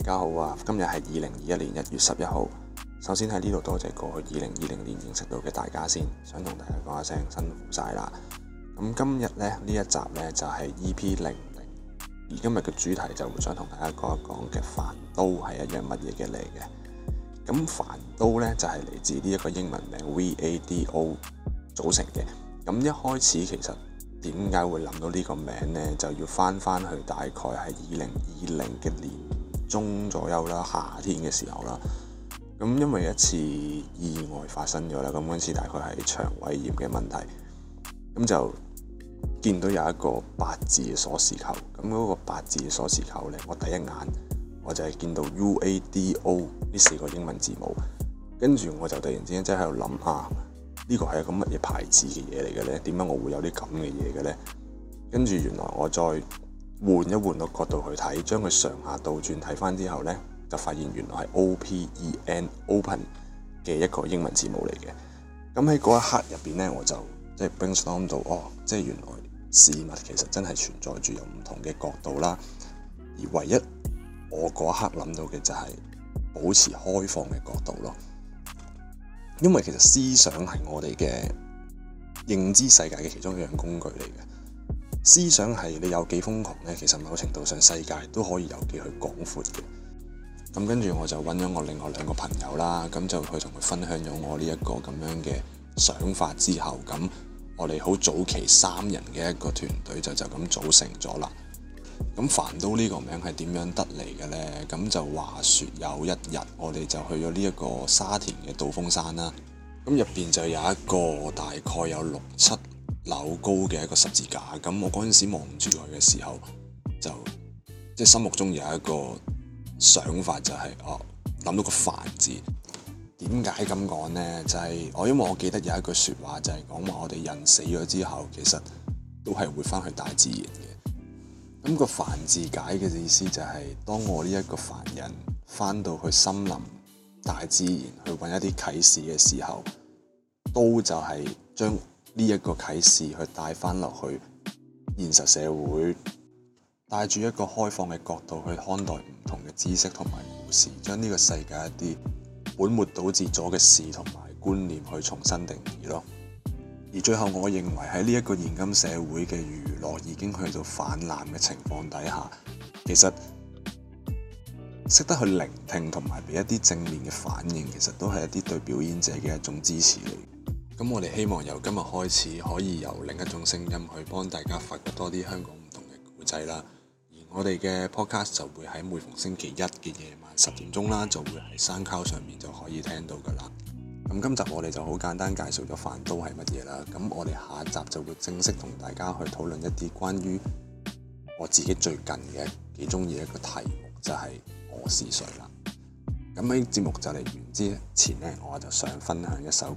大家好啊！今日係二零二一年一月十一號。首先喺呢度多謝過去二零二零年認識到嘅大家先，想同大家講下聲辛苦晒啦。咁今日咧呢一集呢就係、是、EP 零零，而今日嘅主題就想同大家講一講嘅凡都係一樣乜嘢嘅嚟嘅。咁凡都呢就係、是、嚟自呢一個英文名 VADO 組成嘅。咁一開始其實點解會諗到呢個名呢？就要翻翻去大概係二零二零嘅年。中左右啦，夏天嘅時候啦，咁因為一次意外發生咗啦，咁嗰次大概係腸胃炎嘅問題，咁就見到有一個八字嘅鎖匙扣，咁嗰個八字嘅鎖匙扣咧，我第一眼我就係見到 U A D O 呢四個英文字母，跟住我就突然之間即係喺度諗啊，呢個係一個乜嘢牌子嘅嘢嚟嘅咧？點解我會有啲咁嘅嘢嘅咧？跟住原來我再，換一換個角度去睇，將佢上下倒轉睇翻之後呢就發現原來係 O P E N，open 嘅一個英文字母嚟嘅。咁喺嗰一刻入邊呢，我就即係 brainstorm 到，哦，即係原來事物其實真係存在住有唔同嘅角度啦。而唯一我嗰一刻諗到嘅就係保持開放嘅角度咯。因為其實思想係我哋嘅認知世界嘅其中一樣工具嚟嘅。思想係你有幾瘋狂呢？其實某程度上世界都可以有幾去廣闊嘅。咁跟住我就揾咗我另外兩個朋友啦，咁就去同佢分享咗我呢一個咁樣嘅想法之後，咁我哋好早期三人嘅一個團隊就就咁組成咗啦。咁凡都呢個名係點樣得嚟嘅呢？咁就話說有一日我哋就去咗呢一個沙田嘅道風山啦，咁入邊就有一個大概有六七。樓高嘅一個十字架，咁我嗰陣時望住佢嘅時候，就即係、就是、心目中有一個想法、就是，就係哦，諗到個凡字。點解咁講呢？就係、是、我因為我記得有一句説話，就係講話我哋人死咗之後，其實都係會翻去大自然嘅。咁、那個凡字解嘅意思就係、是，當我呢一個凡人翻到去森林大自然去揾一啲啟示嘅時候，都就係將。呢一個啟示去帶翻落去現實社會，帶住一個開放嘅角度去看待唔同嘅知識同埋故事，將呢個世界一啲本末倒置咗嘅事同埋觀念去重新定義咯。而最後，我認為喺呢一個現今社會嘅娛樂已經去到泛濫嘅情況底下，其實識得去聆聽同埋俾一啲正面嘅反應，其實都係一啲對表演者嘅一種支持嚟。咁我哋希望由今日開始，可以由另一種聲音去幫大家發掘多啲香港唔同嘅古仔啦。而我哋嘅 podcast 就會喺每逢星期一嘅夜晚十點鐘啦，就會喺 SoundCloud 上面就可以聽到噶啦。咁今集我哋就好簡單介紹咗飯都係乜嘢啦。咁我哋下一集就會正式同大家去討論一啲關於我自己最近嘅幾中意一個題目，就係、是、我是誰啦。咁喺節目就嚟完之，之前咧，我就想分享一首。